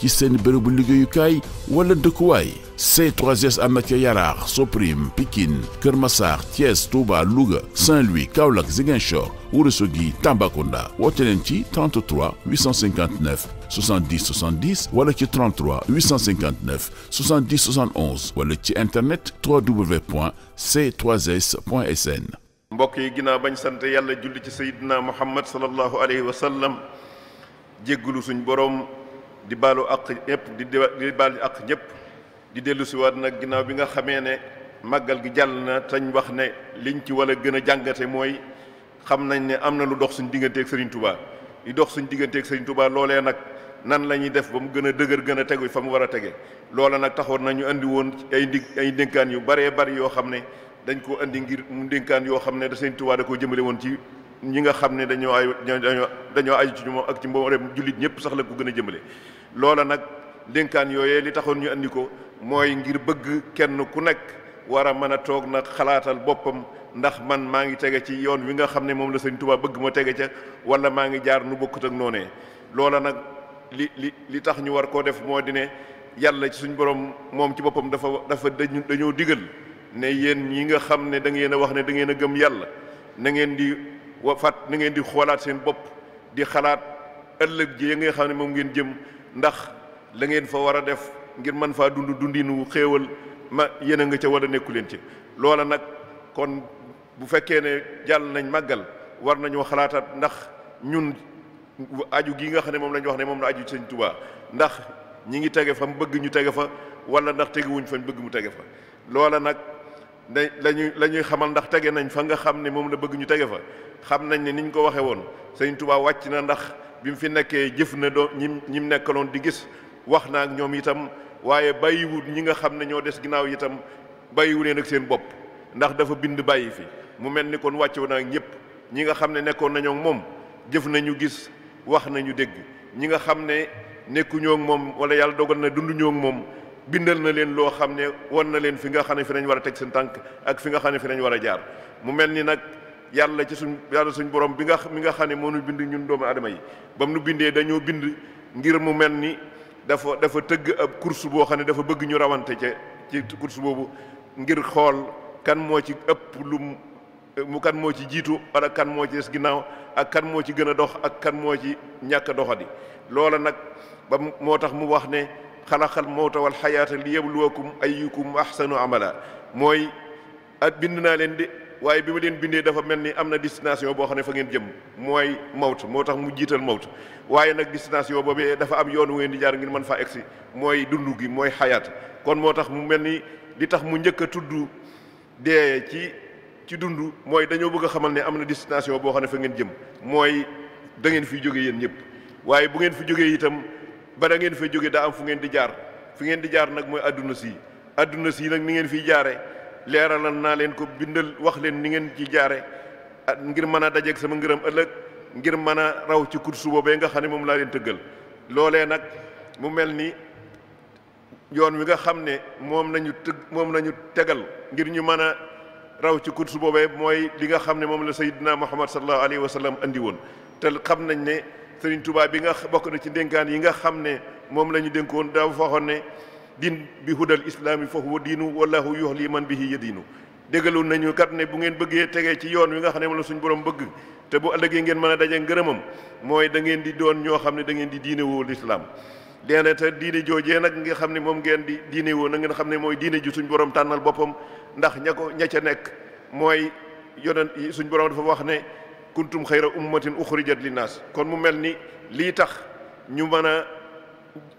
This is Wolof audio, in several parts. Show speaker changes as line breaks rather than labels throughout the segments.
ci seen bërëbu liggéeyukaay wala dëkkuwaay C3S am na ca Yaraax Soprim Pikine Kër Massar Thiès Touba Louga Saint-Louis Kaolack Ziguinchor Ourossogui Tambacounda woote leen ci 33 859 70 70 wala ci 33 859 70 71 wala ci internet www.c3s.sn.
mbokk yi ginnaaw bañ sant yàlla julli ci sayyidina Muhammad sallallahu alayhi wa sallam jéggalu suñ borom. di baalu àq ñëpp di di baal àq ñëpp di dellu si waat nag ginnaaw bi nga xamee ne màggal gi jàll na tañ wax ne liñ ci wala gën a jàngate mooy xam nañ ne am na lu dox suñ digganteeg Serigne Touba li dox suñ digganteeg Serigne Touba loolee nag nan la ñuy def ba mu gën a dëgër gën a tegu fa mu war a tege loola nag taxoon nañu indi woon ay digg ay ndénkaan yu baree bari yoo xam ne dañ koo indi ngir mu ndénkaan yoo xam ne da Serigne Touba da koo jëmale woon ci ñi nga xam ne dañoo ay dañoo dañoo aju ci moom ak ci mboolem jullit ñëpp sax la ko gën a jëmale loola nag dénkaan yooyee li taxoon ñu indi ko mooy ngir bëgg kenn ku nekk war a mën a toog nag xalaatal boppam ndax man maa ngi tege ci yoon wi nga xam ne moom la Sëñ Tuubaa bëgg ma tege ca wala maa ngi jaar nu bokkut ak noonee loola nag li li li tax ñu war koo def moo di ne yàlla ci suñ borom moom ci boppam dafa dafa dañoo digal ne yéen ñi nga xam ne da ngeen a wax ne da ngeen a gëm yàlla wa fat ni ngeen di xoolaat seen bopp di xalaat ëllëg ji ya nga xam ne moom ngeen jëm ndax la ngeen fa war a def ngir mën faa dund wu xéewal ma yéen a nga ca wala nekku leen ci loola nag kon bu fekkee ne jàll nañ màggal war nañoo xalaataat ndax ñun aju gii nga xam ne moom la ñu wax ne moom la aju seen Tuubaa ndax ñi ngi tege fa mu bëgg ñu tege fa wala ndax tegewuñ fa mu bëgg mu tege fa loola nag da lañuy la ñuy xamal ndax tege nañ fa nga xam ne moom la bëgg ñu tege fa xam nañ ne ni ñu ko waxee woon sëñ Tuubaa wàcc na ndax bi mu fi nekkee jëf na doo ñi mu nekkaloon di gis wax na ak ñoom itam waaye bàyyiwut ñi nga xam ne ñoo des ginnaaw itam bàyyiwu leen ak seen bopp ndax dafa bind bàyyi fi mu mel ni kon wàcce na ak ñëpp ñi nga xam ne nekkoon nañoo moom jëf nañu gis wax nañu dégg ñi nga xam ne nekkuñoo moom wala yàlla dogal na dunduñoo moom bindal na leen loo xam ne wan na leen fi nga xam ne fi nañ war a teg seen tànk ak fi nga xam ne fi nañ war a jaar mu mel ni nag yàlla ci suñ yàlla suñ borom bi nga mi nga xam ne moo nu bind ñun doom aadama yi ba mu bindee dañoo bind ngir mu mel ni dafa dafa tëgg ab course boo xam ne dafa bëgg ñu rawante ca ci course boobu ngir xool kan moo ci ëpp lu mu kan moo ci jiitu wala kan moo ci des ginnaaw ak kan moo ci gën a dox ak kan moo ci ñàkk doxadi loola nag ba moo tax mu wax ne xal mawta wal xayaata liyabluwakum ayyukum ahsanu amala mooy at bind naa leen de waaye bi ma leen bindee dafa mel ni am na destination boo xam ne fa ngeen jëm mooy mawt moo tax mu jiital mawt waaye nag destination boobee dafa am yoon wu ngeen di jaar ngir mën faa egsi mooy dund gi mooy xayaat kon moo tax mu mel ni li tax mu njëkk a tudd dee ci ci dund mooy dañoo bëgg xamal ne am na destination boo xam ne fa ngeen jëm mooy da fi jóge yéen ñëpp waaye bu ngeen fi jógee itam. ba ngeen fay jóge daa am fu ngeen di jaar fu ngeen di jaar nag mooy àdduna si àdduna si nag ni ngeen fiy jaare leeralal naa leen ko bindal wax leen ni ngeen ci jaare ah, ngir mën a dajeeg sama ngërëm ëllëg ngir mën a raw ci kursu boobee nga xam ne moom laa leen tëggal loolee nag mu mel ni yoon wi nga xam ne moom nañu tëg moom nañu tegal ngir ñu mën a raw ci kursu boobee mooy li nga xam ne moom la sayyidina Muhammad sallallahu alayhi wa sallam andi woon te xam nañ ne Serigne tubaab bi nga bokk na ci dénkaan yi nga xam ne moom la ñu dénkoon daa waxoon ne din bi hudal islaami fa huwa diinu yox yuhli man bi bihi yadiinu dégaloon nañu kat ne bu ngeen bëggee tegee ci yoon wi nga xam ne moom suñu borom bëgg te bu ëllëgee ngeen mën a daje ngërëmam mooy da ngeen di doon ñoo xam ne da ngeen di diine woo lislaam dee na te diine nag nga xam ne moom ngeen di diine woo na ngeen xam ne mooy diine ju suñ borom tànnal boppam ndax ña ko ña ca nekk mooy yonent suñ borom dafa wax ne kuntum xayra ummatin uxrijat linnaas kon mu mel ni lii tax ñu mën a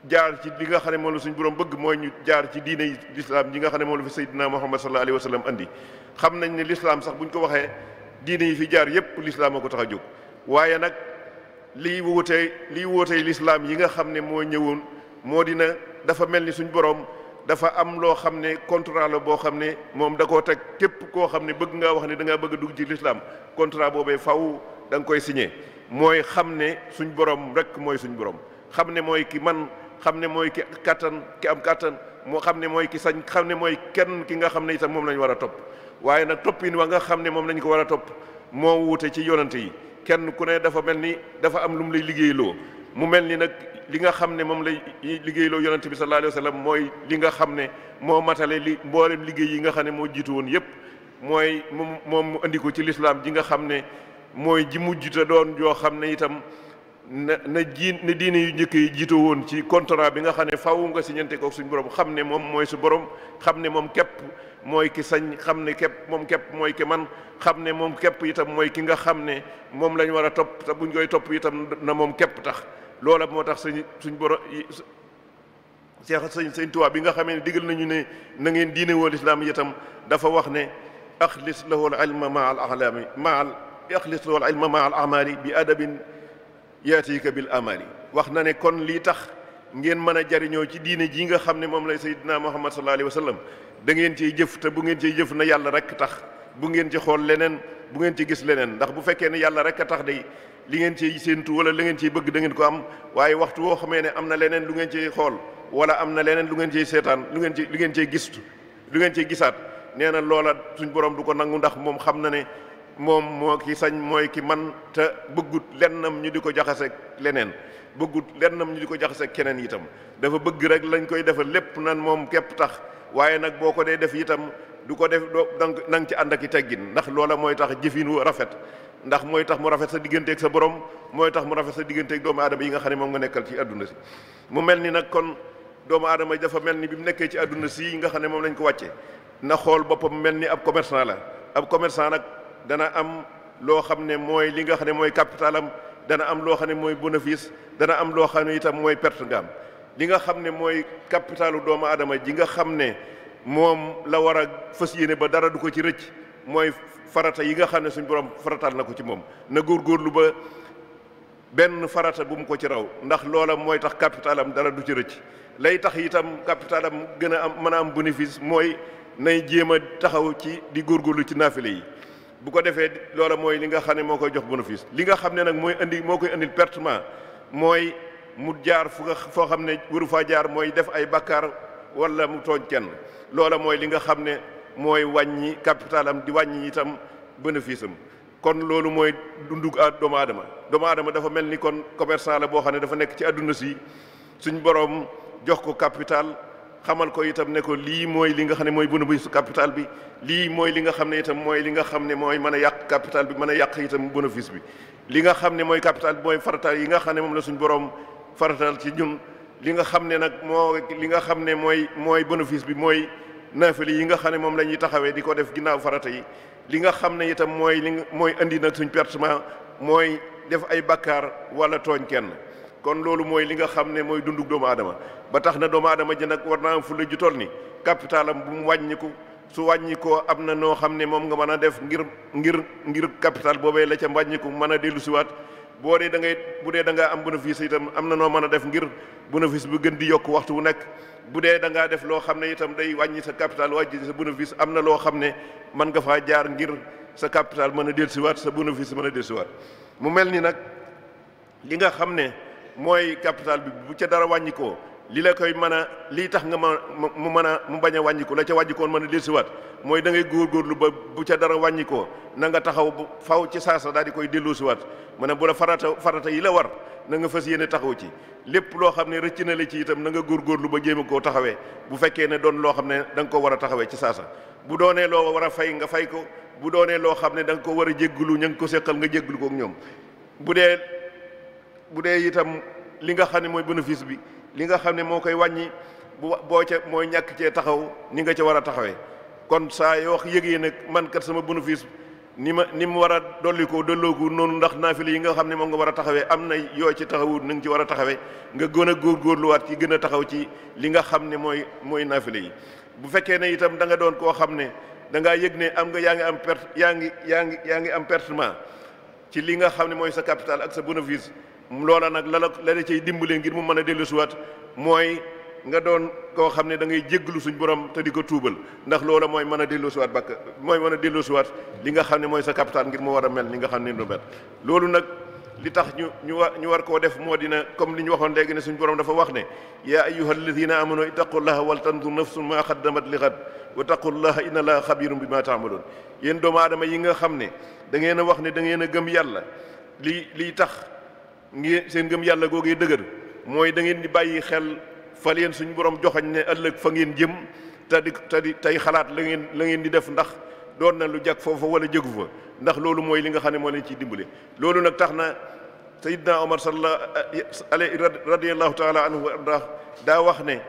jaar ci li nga xam ne moom la suñu borom bëgg mooy ñu jaar ci diine yi lislaam yi nga xam ne moom la fi sayyidina muhammad sallallahu alayhi wa sallam andi xam nañ ne lislaam sax buñ ko waxee diine yi fi jaar yépp lislaam a ko tax a jóg waaye nag lii wuutee lii wuutee lislaam yi nga xam ne moo ñëwoon moo dina dafa mel ni suñu borom dafa am loo xam ne contrat la boo xam ne moom da koo teg képp koo xam ne bëgg ngaa wax ne da ngaa bëgg dugg ci lislaam contrat boobee faw danga koy signé mooy xam ne suñ borom rek mooy suñ borom xam ne mooy ki man xam ne mooy ki kattan ki am kattan moo xam ne mooy ki sañ xam ne mooy kenn ki nga xam ne sax moom lañ war a topp waaye nag toppin wa nga xam ne moom lañ ko war a topp moo wuute ci yonante yi kenn ku ne dafa mel ni dafa am lu mu lay liggéeyloo mu mel ni nag li nga xam ne moom lay liggéeyloo yonente bi sallallahu alayhi wa sallam mooy li nga xam ne moo matale li mboolem liggéey yi nga xam ne moo jiitu woon yépp mooy moom moom mu andi ko ci lislaam ji nga xam ne mooy ji mujj te doon xam ne itam na na ji na diine yu njëkk woon ci contrat bi nga xam ne faaw nga si ñante ko suñu borom xam ne moom mooy su borom xam ne moom képp mooy ki sañ xam ne képp moom képp mooy ki man xam ne moom képp itam mooy ki nga xam ne moom lañ war a topp te buñ koy topp itam na moom képp tax. loola moo tax suñ suñ boro seex sëñ sëñ Tuubaa bi nga xamee ne digal nañu ne na ngeen diine woo lislaam itam dafa wax ne axlis lahu al ilma ma al alami ma al axlis lahu al ilma ma al amali bi adabin yaatiika bil amali wax na ne kon lii tax ngeen mën a jariñoo ci diine jii nga xam ne moom lay sayyidina muhammad sallallahu alayhi wa sallam da ngeen ciy jëf te bu ngeen ciy jëf na yàlla rek tax bu ngeen ci xool leneen bu ngeen ci gis leneen ndax bu fekkee ne yàlla rek a tax dey li ngeen ciy séentu wala li ngeen ciy bëgg dangeen ko am waaye waxtu woo xamee ne am na leneen lu ngeen ciy xool wala am na leneen lu ngeen ciy seetaan lu ngeen ci lu ngeen ciy gistu lu ngeen ciy gisaat nee na loola suñ borom du ko nangu ndax moom xam na ne moom moo ki sañ mooy ki man te bëggut lennam ñu di ko jaxase leneen bëggut lennam ñu di ko jaxase keneen itam dafa bëgg rek lañ koy defal lépp nan moom képp tax waaye nag boo ko dee def itam du ko def doo na nga ci ànd ak i teggin ndax loola mooy tax jëfin wu rafet ndax mooy tax mu rafet sa digganteek sa borom mooy tax mu rafet sa digganteeg doomu aadama yi nga xam ne moom nga nekkal ci àdduna mu mel ni nag kon doomu aadama dafa mel ni bi mu nekkee ci àdduna si nga xam ne lañ ko wàcce na xool boppam mel ni ab commerçant la ab commerçant nag dana am loo xam ne mooy li nga xam ne mooy capitalam dana am loo xam ne mooy bénéfice dana am loo xam ne itam mooy perte nga li nga xam ne mooy capitalu doomu aadama ji nga xam ne moom la war a fës yéene ba dara du ko ci rëcc mooy farata yi nga xam ne suñ borom faratal na ko ci moom na góorgóorlu ba benn farata bu mu ko ci raw ndax loola mooy tax capitalam dara du ci rëcc lay tax itam capitalam gën a am mën a am bénéfice mooy nay jéem a taxaw ci di góorgóorlu ci naafile yi bu ko defee loola mooy li nga xam ne moo koy jox bénéfice li nga xam ne nag mooy indi moo koy indil pertement mooy mu jaar fu foo xam ne waru faa jaar mooy def ay bakkaar wala mu tooñ kenn loola mooy li nga xam ne mooy wàññi capital am di wàññi itam bénéfice mu kon loolu mooy dundug a doomu aadama doomu aadama dafa mel ni kon commerçant la boo xam ne dafa nekk ci àdduna si suñ borom jox ko capital xamal ko itam ne ko lii mooy li nga xam ne mooy bénéfice capital bi lii mooy li nga xam ne mooy li nga xam ne mooy mën a yàq capital bi mën a yàq itam bénéfice bi li nga xam ne mooy capital bi mooy farataal xam ne moom la suñ boroom farataal ci ñun li nga xam ne nag moo li nga xam ne mooy mooy bénéfice bi mooy naafali yi nga xam ne moom la ñuy taxawee di ko def ginnaaw farata yi li nga xam ne itam mooy li mooy indi nag suñ pertement mooy def ay bakkaar wala tooñ kenn kon loolu mooy li nga xam ne mooy dundug doomu aadama ba tax na doomu aadama ji nag war naa am fulla ju toll ni capitalam bu mu wàññiku su wàññikoo am na noo xam ne moom nga mën a def ngir ngir ngir capital boobee la ca wàññiku mën a dellu siwaat boo dee da ngay bu dee da ngaa am bénéfice itam am na noo mën a def ngir bénéfice bu gën di yokk waxtu wu nekk bu dee dangaa def loo xam ne itam day wàññi sa capital wàññi sa bénéfice am na loo xam ne mën nga faa jaar ngir sa capital mën a dellusiwaat sa bénéfice mën a dellusiwaat mu mel ni nag li nga xam ne mooy capital bi bu ca dara wàññikoo li la koy mën a lii tax nga ma mu mën a mu bañ a wàññiku la ca wàññikoon mën a dellusiwaat mooy da ngay góorlu ba bu ca dara wàññikoo na nga taxaw faw ci saasa daal di koy dellusiwaat mu ne bu la farata farata yi la war na nga fas yéene taxaw ci lépp loo xam ne rëcc na la ci itam na nga góorlu ba jéem a koo taxawee bu fekkee ne doon loo xam ne danga koo war a taxawee ci saasa bu doonee loo war a fay nga fay ko bu doonee loo xam ne da nga ko war a jéggulu ña nga ko séqal nga jéggulu ko ak bu dee bu dee itam li nga xam ne mooy bénéfice bi li nga xam ne moo koy wàññi bu wax boo ca mooy ñàkk cee taxaw ni nga ca war a taxawee kon saa yoo wax yëgee nag man kat sama bénéfice ni ma ni mu war a dolli ko dollooku noonu ndax naafile yi nga xam ne moom nga war a taxawee am na yoo ci taxawut na nga ci war a taxawee nga gën a góorgóorluwaat ci gën a taxaw ci li nga xam ne mooy mooy naafile yi bu fekkee ne itam da nga doon koo xam ne da ngaa yëg ne am nga yaa ngi am perte yaa ngi yaa ngi yaa ngi am pertement ci li nga xam ne mooy sa capital ak sa bénéfice loola nag la la la cay dimbale ngir mu mën a dellusiwaat mooy nga doon koo xam ne da ngay jégglu suñ borom te di ko tuubal ndax loola mooy mën a dellusiwaat bakk mooy man a dellusiwaat li nga xam ne mooy sa capital ngir mu war a mel ni nga xam ne du mel loolu nag li tax ñu ñu war ñu war koo def moo dina comme li ñu waxoon léegi ne suñu borom dafa wax ne yaa ayyuha alladina amanu ittaqullaha wal tanzur nafsun ma xaddamat li xad wa taqullaha inna allaha xabirum bi ma taamaloon yéen doomu aadama yi nga xam ne da ngeen a wax ne da ngeen a gëm yàlla li lii tax ngeen seen ngëm yàlla googee dëgër mooy da ngeen di bàyyi xel fa leen suñu borom joxañ ne ëllëg fa ngeen jëm te di te di tey xalaat la ngeen la ngeen di def ndax doon na lu jag foofa wala jegu fa ndax loolu mooy li nga xam ne moo leen ciy dimbale loolu nag tax na sayidna omar salla ale radiallahu taala anhu arda daa wax ne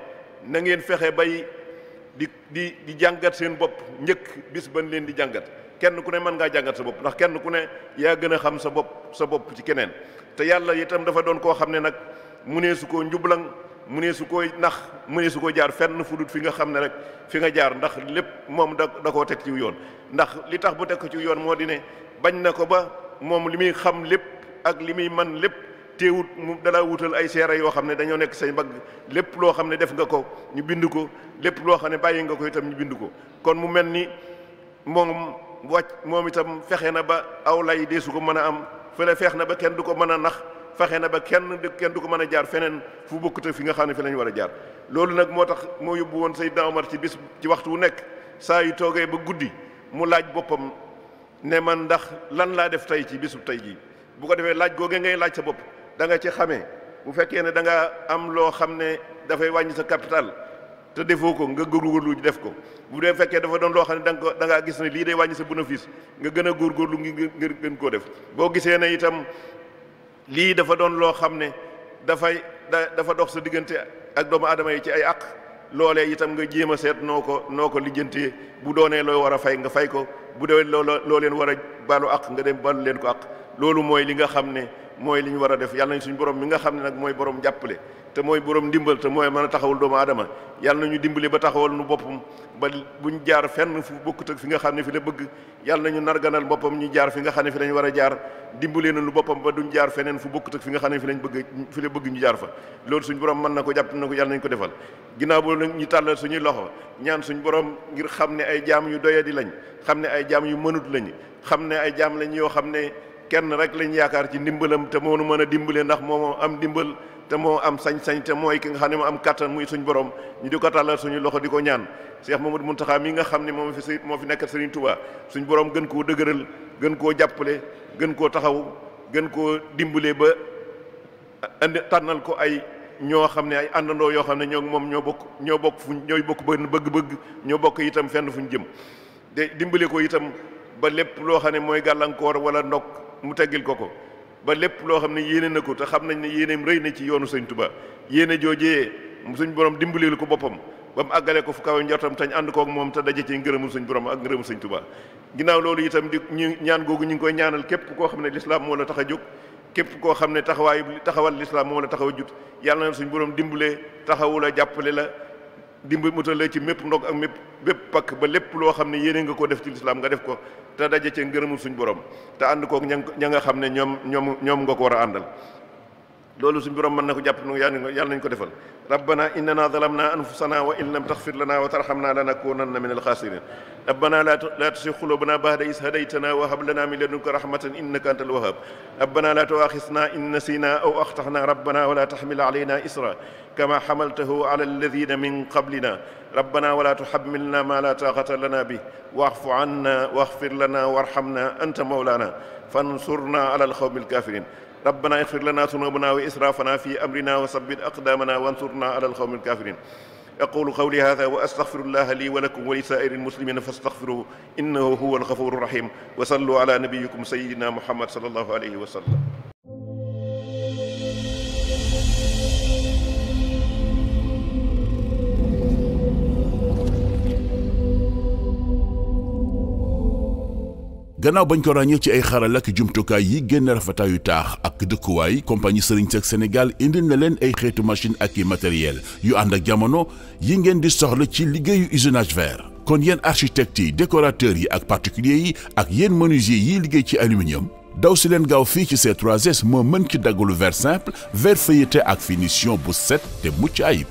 na ngeen fexe bay di di di jàngat seen bopp njëkk bis ban leen di jàngat kenn ku ne mën ngaa jàngat sa bopp ndax kenn ku ne yaa gën a xam sa bopp sa bopp ci keneen te yàlla itam dafa doon koo xam ne nag mu nee su koo njublang mu nee su ko ndax mu nee su koo jaar fenn fu dut fi nga xam ne rek fi nga jaar ndax lépp moom da da koo teg ci yoon ndax li tax bu teg ko ci yoon moo di ne bañ na ko ba moom li muy xam lépp ak li muy man lépp teewut mu dalaa wutal ay seere yoo xam ne dañoo nekk say mbagg lépp loo xam ne def nga ko ñu bind ko lépp loo xam ne bàyyi nga ko itam ñu bind ko wàcc moom itam fexe na ba aw lay deesu ko mën a am fële feex na ba kenn du ko mën a nax fexe na ba kenn du kenn du ko mën a jaar feneen fu bokkute fi nga xam ne fi lañ war a jaar loolu nag moo tax moo yóbbu woon say Omar ci bis ci waxtu wu nekk saa yu toogee ba guddi mu laaj boppam ne man ndax lan laa def tey ci bisub tey jii bu ko defee laaj googee ngay laaj sa bopp da nga ci xamee bu fekkee ne danga am loo xam ne dafay wàññi sa capital te defoo ko nga góorgóorlu def ko bu dee fekkee dafa doon loo xam ne danga ko da gis ne lii day wàññi sa bénéfice nga gën a góorgóorlu ngir gën koo def boo gisee ne itam lii dafa doon loo xam ne dafay da dafa dox sa diggante ak doomu aadama yi ci ay àq loole itam nga jéem a seet noo ko noo ko lijjantee bu doonee loo war a fay nga fay ko bu dee loo loo leen war a balu àq nga dem baalu leen ko àq loolu mooy li nga xam ne mooy li ñu war a def yàlla nañ suñu borom mi nga xam ne nag mooy borom jàppale. te mooy borom ndimbal te mooy mën a taxawul doomu aadama yàlla ñu dimbali ba taxawal nu boppam ba buñ jaar fenn fu bokkut ak nga xam ne fi la bëgg yàlla nañu narganal boppam ñu jaar fi nga xam ne fi lañ war a jaar dimbali na nu boppam ba duñ jaar feneen fu bokkute ak fi nga xam ne fi lañ bëgg fi la bëgg ñu jaar fa loolu suñu borom mën na ko jàpp na ko yàlla nañ ko defal ginnaaw boobu ñu tàllal suñuy loxo ñaan suñu borom ngir xam ne ay jaam yu doyadi lañ xam ne ay jaam yu mënut lañ xam ne ay jaam lañ yoo xam ne kenn rek lañu yaakaar ci ndimbalam te moo nu mën a dimbale ndax moom am ndimbal te moo am sañ-sañ te mooy ki nga xam ne moo am kàttan muy suñ borom ñu di ko tàllal suñu loxo di ko ñaan Cheikh Mamadou Mountakha mi nga xam ne moom fi moo fi nekk Serigne Touba suñ borom gën koo dëgëral gën koo jàppale gën koo taxaw gën koo dimbale ba indi tànnal ko ay ñoo xam ne ay àndandoo yoo xam ne ñoo moom ñoo bokk ñoo bokk fuñ ñooy bokk benn bëgg-bëgg ñoo bokk itam fenn fu ñu jëm de dimbale ko itam ba lépp loo xam ne mooy gàllankoor wala ndokk mu teggil ko ko. ba lépp loo xam ne yéene na ko te xam nañ ne yéeneem rëy na ci yoonu sëñ Tuba yéene joojee suñ borom dimbalil ko boppam ba mu àggale ko fu kaw njortam tañ ànd kook moom te daje ci ngërëmul suñ borom ak ngërëmul sëñ Tuba ginnaaw loolu itam di ñu ñaan googu ñu ngi koy ñaanal képp koo xam ne lislaam moo la taxa jóg képp koo xam ne taxawaayu taxawal lislaam moo la taxaw a jut yàlla na suñ borom dimbalee taxawu la jàppale la dimba mutale ci mépp ndog ak mépp bépp pakk ba lépp loo xam ne yéene nga ko def ci lislaam nga def ko te daje cee ngërëmul suñ borom te ànd kook ña ña nga xam ne ñoom ñoom ñoom nga ko war a àndal loolu suñu borom mën na ko jàpp nu yàlla nañ ko defal rabbana innana zalamna anfusana wa in lam taxfir lana wa tarxamna lanakunanna min alxaasirin rabbana la tusi xulubana baxda is hadaytana wa hab lana min ladunka rahmatan innaka anta alwahab rabbana la tuaxisna in nasina aw axtaxna rabbana wala taxmil alayna isra kama xamaltahu ala alladina min qablina rabbana wala tuxamilna ma la taaqata lana bi waxfu anna waxfir lana warxamna anta mawlana fansurna ala alxawmi alkafirin rabbana ighfir lana dhunubana wa israfana fi amrina wa sabbit aqdamana wansurna ala alqawmi alkafirin aqulu qawli hadha wa astaghfirullaha li wa lakum wa li sa'iril muslimina fastaghfiruhu innahu huwal ghafurur rahim wa sallu ala nabiyyikum sayyidina muhammad sallallahu alayhi wa sallam
gannaaw bañ ko ràññee ci ay xarala ak jumtukaay yi génn rafetaayu taax ak dëkkuwaay compagnie Serigne Seck Sénégal indil na leen ay xeetu machine ak i matériel yu ànd ak jamono yi ngeen di soxla ci liggéeyu usinage vert. kon yéen architectes yi décorateurs yi ak particuliers yi ak yéen menuisier yi liggéey ci aluminium daw si leen gaaw fii ci ces 3S moo mën ci daggalu verre simple verre feuilleté ak finition bu set te mucc ayib.